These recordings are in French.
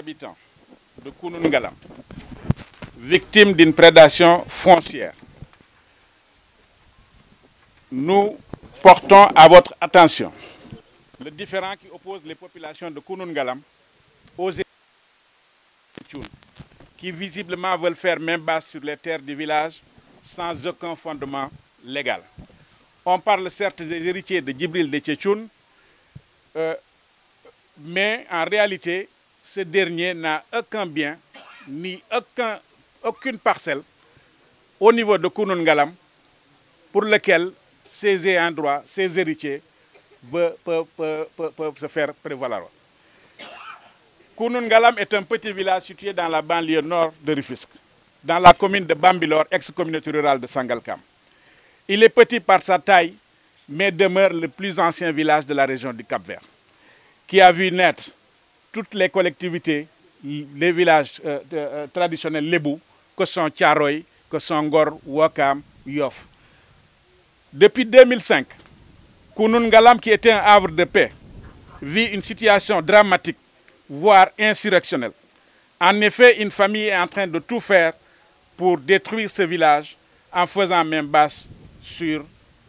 habitants de Kunungalam, victimes d'une prédation foncière, nous portons à votre attention le différent qui oppose les populations de Kounungalam aux aux qui visiblement veulent faire main basse sur les terres du village sans aucun fondement légal. On parle certes des héritiers de Djibril de Tchétchoun, euh, mais en réalité, ce dernier n'a aucun bien ni aucune parcelle au niveau de Kounoun pour lequel ses ses héritiers peuvent, se faire prévaloir. Kounoun est un petit village situé dans la banlieue nord de Rufisque, dans la commune de Bambilor, ex-communauté rurale de Sangalkam. Il est petit par sa taille, mais demeure le plus ancien village de la région du Cap-Vert, qui a vu naître toutes les collectivités, les villages les euh, euh, traditionnels que sont Tcharoy, que sont Ngor, Wakam, Yof. Depuis 2005, Kounungalam, qui était un havre de paix, vit une situation dramatique, voire insurrectionnelle. En effet, une famille est en train de tout faire pour détruire ce village en faisant main basse sur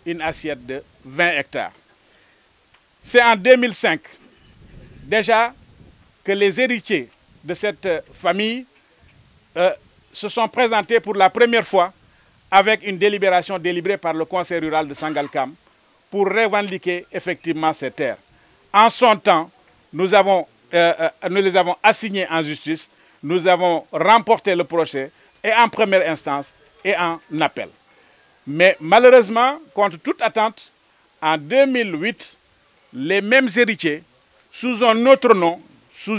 une assiette de 20 hectares. C'est en 2005. Déjà, que les héritiers de cette euh, famille euh, se sont présentés pour la première fois avec une délibération délibérée par le conseil rural de Sangalkam pour revendiquer effectivement ces terres. En son temps, nous, euh, nous les avons assignés en justice, nous avons remporté le procès et en première instance et en appel. Mais malheureusement, contre toute attente, en 2008, les mêmes héritiers, sous un autre nom, sous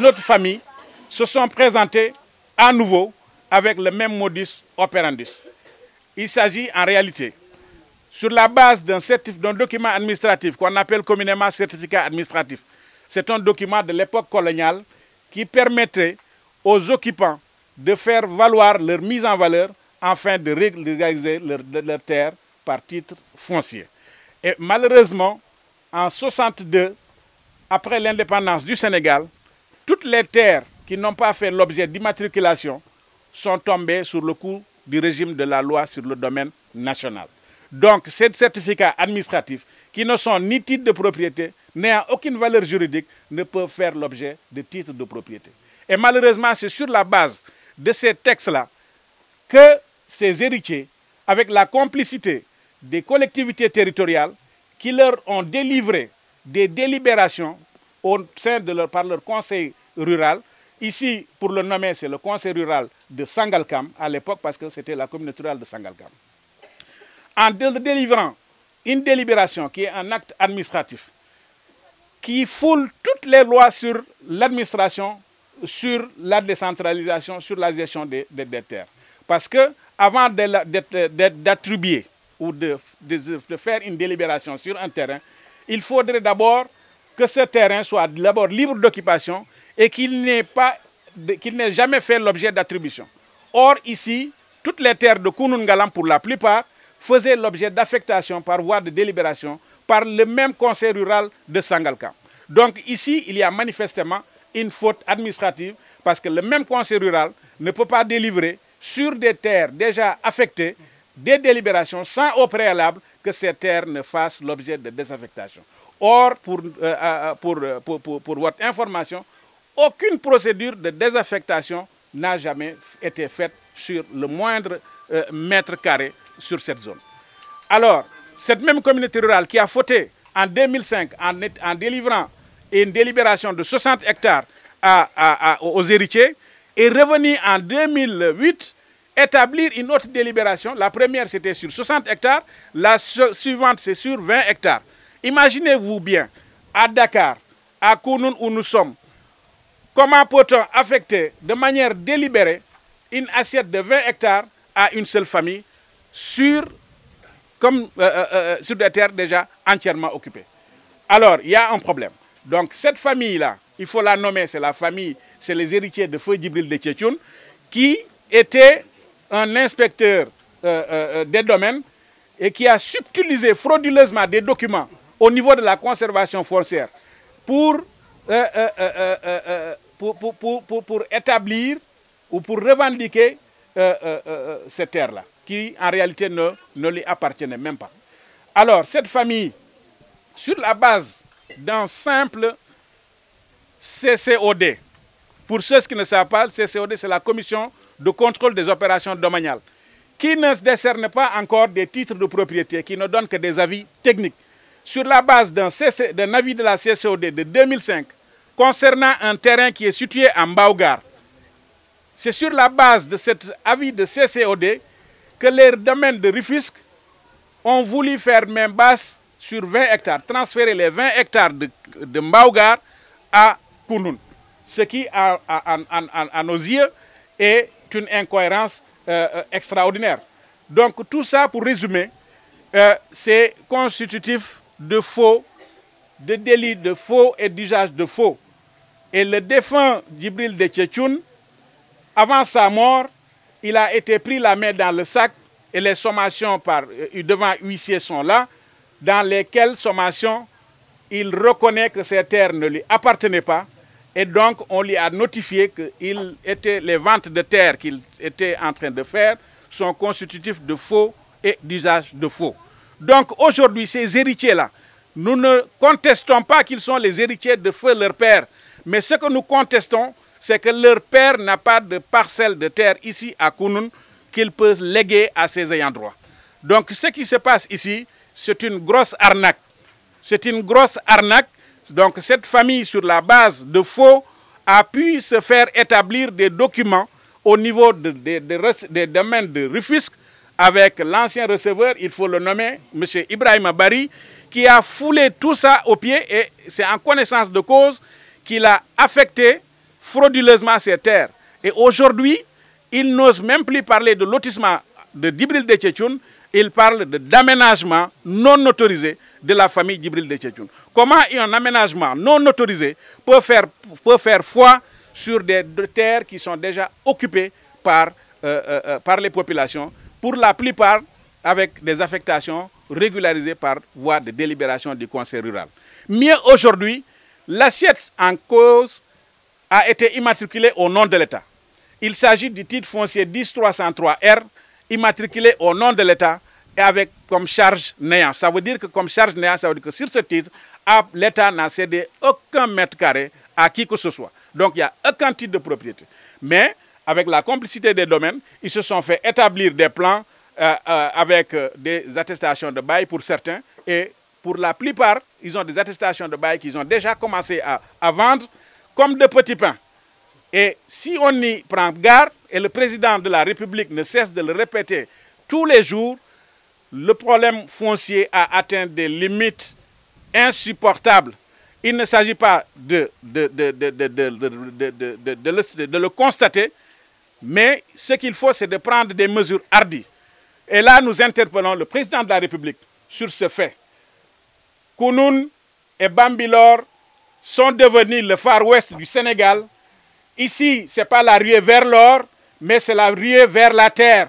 notre famille, se sont présentés à nouveau avec le même modus operandi. Il s'agit en réalité, sur la base d'un document administratif qu'on appelle communément certificat administratif, c'est un document de l'époque coloniale qui permettait aux occupants de faire valoir leur mise en valeur afin de régulariser leur, leur terre par titre foncier. Et malheureusement, en 62, après l'indépendance du Sénégal, toutes les terres qui n'ont pas fait l'objet d'immatriculation sont tombées sur le coup du régime de la loi sur le domaine national. Donc, ces certificats administratifs qui ne sont ni titres de propriété, n'ayant aucune valeur juridique, ne peuvent faire l'objet de titres de propriété. Et malheureusement, c'est sur la base de ces textes-là que ces héritiers, avec la complicité des collectivités territoriales qui leur ont délivré des délibérations au sein de leur, par conseil rural. Ici, pour le nommer, c'est le conseil rural de Sangalkam à l'époque parce que c'était la commune rurale de Sangalkam. En délivrant une délibération qui est un acte administratif qui foule toutes les lois sur l'administration, sur la décentralisation, sur la gestion des, des, terres. Parce que avant d'attribuer ou de faire une délibération sur un terrain, il faudrait d'abord que ce terrain soit d'abord libre d'occupation et qu'il n'ait jamais fait l'objet d'attribution. Or, ici, toutes les terres de Kounungalam, pour la plupart, faisaient l'objet d'affectation par voie de délibération par le même conseil rural de Sangalka. Donc ici, il y a manifestement une faute administrative parce que le même conseil rural ne peut pas délivrer sur des terres déjà affectées des délibérations sans au préalable que ces terres ne fassent l'objet de désaffectation. Or, euh, euh, euh, pour, votre information, aucune procédure de désaffectation n'a jamais été faite sur le moindre mètre carré sur cette zone. Alors, cette même communauté rurale qui a fauté en 2005 en, en délivrant une délibération de 60 hectares aux héritiers est revenue en 2008 établir une autre délibération. La première, c'était sur 60 hectares. La suivante, c'est sur 20 hectares. Imaginez-vous bien, à Dakar, à Kounoun où nous sommes, comment peut-on affecter de manière délibérée une assiette de 20 hectares à une seule famille sur, comme, euh, euh, euh, sur des terres déjà entièrement occupées Alors, il y a un problème. Donc, cette famille-là, il faut la nommer, c'est la famille, c'est les héritiers de Feu Djibril de Tchétchoun, qui était un inspecteur euh, euh, euh, des domaines et qui a subtilisé frauduleusement des documents au niveau de la conservation foncière pour, pour, établir ou pour revendiquer ces terres-là, qui en réalité ne, ne lui appartenaient même pas. Alors, cette famille, sur la base d'un simple CCOD, pour ceux qui ne savent pas, le CCOD, c'est la commission de contrôle des opérations domaniales, qui ne se décerne pas encore des titres de propriété, qui ne donne que des avis techniques. Sur la base d'un avis de la CCOD de 2005 concernant un terrain qui est situé à Mbaugar, c'est sur la base de cet avis de CCOD que les domaines de Rifusque ont voulu faire main basse sur 20 hectares, transférer les 20 hectares de, de à Kounoun ce qui, à, nos yeux, est une incohérence euh, euh, extraordinaire. Donc tout ça, pour résumer, euh, c'est constitutif de faux, de délit de faux et d'usage de faux. Et le défunt Djibril de Tchétchoun, avant sa mort, il a été pris la main dans le sac et les sommations par, devant huissiers sont là, dans lesquelles sommations il reconnaît que ces terres ne lui appartenaient pas, et donc, on lui a notifié que il était, les ventes de terre qu'il était en train de faire sont constitutifs de faux et d'usage de faux. Donc, aujourd'hui, ces héritiers-là, nous ne contestons pas qu'ils sont les héritiers de feu leur père. Mais ce que nous contestons, c'est que leur père n'a pas de parcelle de terre ici à Kounoun qu'il peut léguer à ses ayants droit. Donc, ce qui se passe ici, c'est une grosse arnaque. C'est une grosse arnaque donc cette famille, sur la base de faux, a pu se faire établir des documents au niveau des domaines de Rufisque avec l'ancien receveur, il faut le nommer, M. Ibrahim Abari, qui a foulé tout ça au pied et c'est en connaissance de cause qu'il a affecté frauduleusement ces terres. Et aujourd'hui, il n'ose même plus parler de lotissement de Dibril de Tchétchoun, il parle d'aménagement non autorisé de la famille Djibril de Tchétchoun. Comment un aménagement non autorisé peut faire, peut faire foi sur des terres qui sont déjà occupées par, euh, euh, euh, par les populations, pour la plupart avec des affectations régularisées par voie de délibération du Conseil rural. Mieux aujourd'hui, l'assiette en cause a été immatriculée au nom de l'État. Il s'agit du titre foncier 10303 r immatriculé au nom de l'État et avec comme charge néant. Ça veut dire que comme charge néant, ça veut dire que sur ce titre, l'État n'a cédé aucun mètre carré à qui que ce soit. Donc il n'y a aucun titre de propriété. Mais avec la complicité des domaines, ils se sont fait établir des plans euh, euh, avec euh, des attestations de bail pour certains et pour la plupart, ils ont des attestations de bail qu'ils ont déjà commencé à, à vendre comme de petits pains. Et si on y prend garde, et le président de la République ne cesse de le répéter tous les jours, le problème foncier a atteint des limites insupportables. Il ne s'agit pas de, le, le, constater, mais ce qu'il faut, c'est de prendre des mesures hardies. Et là, nous interpellons le président de la République sur ce fait. Kounoun et Bambilor sont devenus le Far West du Sénégal Ici, ce n'est pas la ruée vers l'or, mais c'est la ruée vers la terre.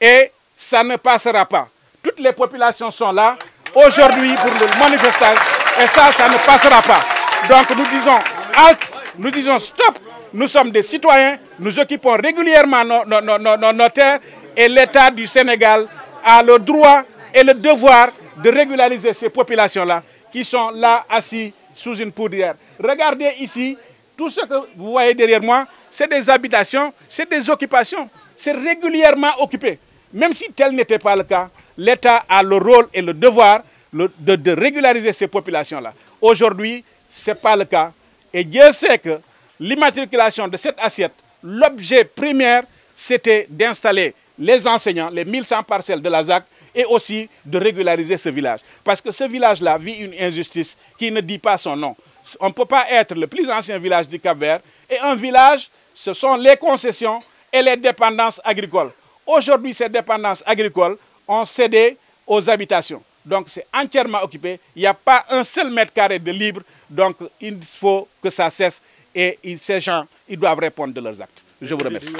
Et ça ne passera pas. Toutes les populations sont là aujourd'hui pour le manifestation. Et ça, ça ne passera pas. Donc nous disons halt, nous disons stop. Nous sommes des citoyens, nous occupons régulièrement nos, terres et l'État du Sénégal a le droit et le devoir de régulariser ces populations-là qui sont là assis sous une poudrière. Regardez ici tout ce que vous voyez derrière moi, c'est des habitations, c'est des occupations. C'est régulièrement occupé. Même si tel n'était pas le cas, l'État a le rôle et le devoir de, régulariser ces populations-là. Aujourd'hui, ce n'est pas le cas. Et Dieu sait que l'immatriculation de cette assiette, l'objet primaire, c'était d'installer les enseignants, les 1100 parcelles de la ZAC, et aussi de régulariser ce village. Parce que ce village-là vit une injustice qui ne dit pas son nom. On ne peut pas être le plus ancien village du Cap-Vert. Et un village, ce sont les concessions et les dépendances agricoles. Aujourd'hui, ces dépendances agricoles ont cédé aux habitations. Donc, c'est entièrement occupé. Il n'y a pas un seul mètre carré de libre. Donc, il faut que ça cesse. Et ces gens, ils doivent répondre de leurs actes. Je vous remercie.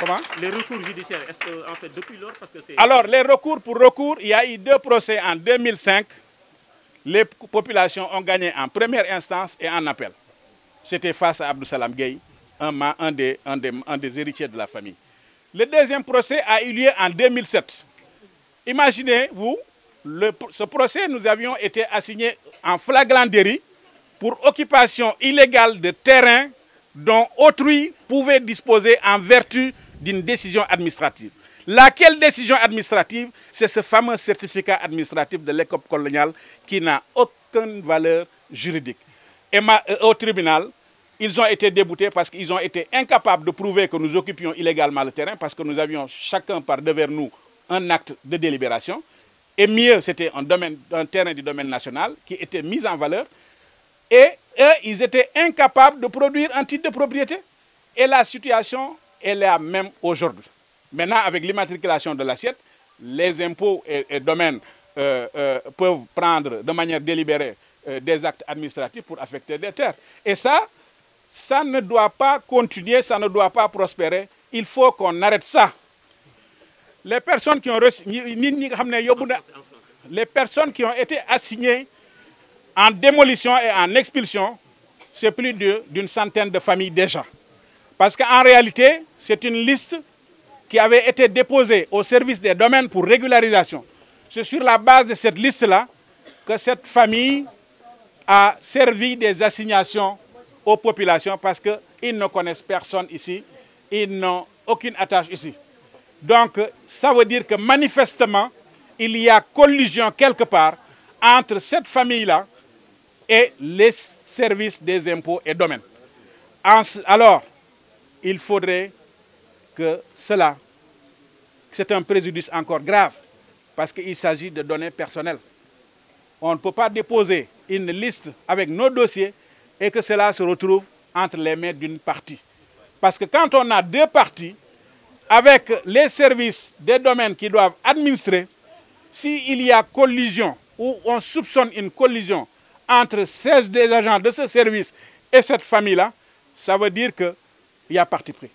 Comment Les recours judiciaires, est-ce que, fait, depuis lors Alors, les recours pour recours, il y a eu deux procès en 2005. Les populations ont gagné en première instance et en appel. C'était face à Abdou Salam Gueye, un, des, héritiers de la famille. Le deuxième procès a eu lieu en 2007. Imaginez-vous, ce procès, nous avions été assignés en flagrant pour occupation illégale de terrain dont autrui pouvait disposer en vertu d'une décision administrative. Laquelle décision administrative C'est ce fameux certificat administratif de l'école coloniale qui n'a aucune valeur juridique. Et euh, au tribunal, ils ont été déboutés parce qu'ils ont été incapables de prouver que nous occupions illégalement le terrain parce que nous avions chacun par devers nous un acte de délibération. Et mieux, c'était un, un terrain du domaine national qui était mis en valeur. Et eux, ils étaient incapables de produire un titre de propriété. Et la situation elle est la même aujourd'hui. Maintenant, avec l'immatriculation de l'assiette, les impôts et, domaines euh, euh, peuvent prendre de manière délibérée euh, des actes administratifs pour affecter des terres. Et ça, ça ne doit pas continuer, ça ne doit pas prospérer. Il faut qu'on arrête ça. Les personnes qui ont les personnes qui ont été assignées en démolition et en expulsion, c'est plus d'une centaine de familles déjà. Parce qu'en réalité, c'est une liste qui avait été déposée au service des domaines pour régularisation. C'est sur la base de cette liste-là que cette famille a servi des assignations aux populations parce qu'ils ne connaissent personne ici, ils n'ont aucune attache ici. Donc, ça veut dire que manifestement, il y a collusion quelque part entre cette famille-là et les services des impôts et domaines. Alors, il faudrait que cela, c'est un préjudice encore grave, parce qu'il s'agit de données personnelles. On ne peut pas déposer une liste avec nos dossiers et que cela se retrouve entre les mains d'une partie. Parce que quand on a deux parties, avec les services des domaines qui doivent administrer, s'il y a collision ou on soupçonne une collision entre ces des agents de ce service et cette famille-là, ça veut dire que il y a parti pris,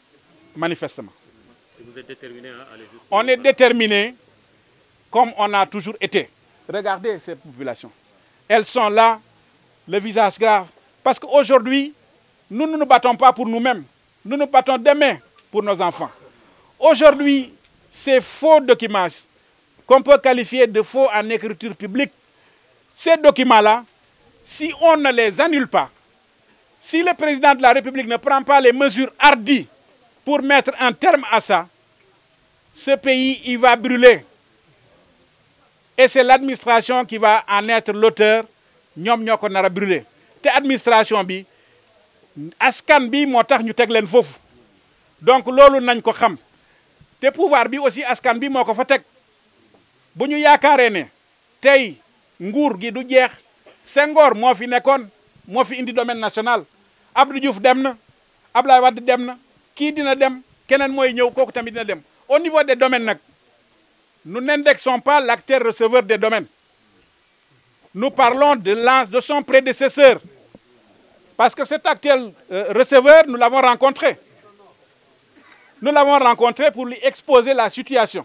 manifestement. On est déterminé comme on a toujours été. Regardez ces populations. Elles sont là, le visage grave. Parce qu'aujourd'hui, nous ne nous battons pas pour nous-mêmes. Nous nous battons demain pour nos enfants. Aujourd'hui, ces faux documents qu'on peut qualifier de faux en écriture publique, ces documents-là, si on ne les annule pas, si le président de la République ne prend pas les mesures hardies pour mettre un terme à ça, ce pays, il va brûler. Et c'est l'administration qui va en être l'auteur. Nous avons brûlé. Cette brûler administration bi askan bi motax ñu donc lolu nañ ko xam te pouvoir bi aussi askan bi moko fa ne moi, fi indi domaine national Abdou Diouf dina dem au niveau des domaines nous n'indexons pas l'acteur receveur des domaines nous parlons de de son prédécesseur parce que cet actuel euh, receveur nous l'avons rencontré nous l'avons rencontré pour lui exposer la situation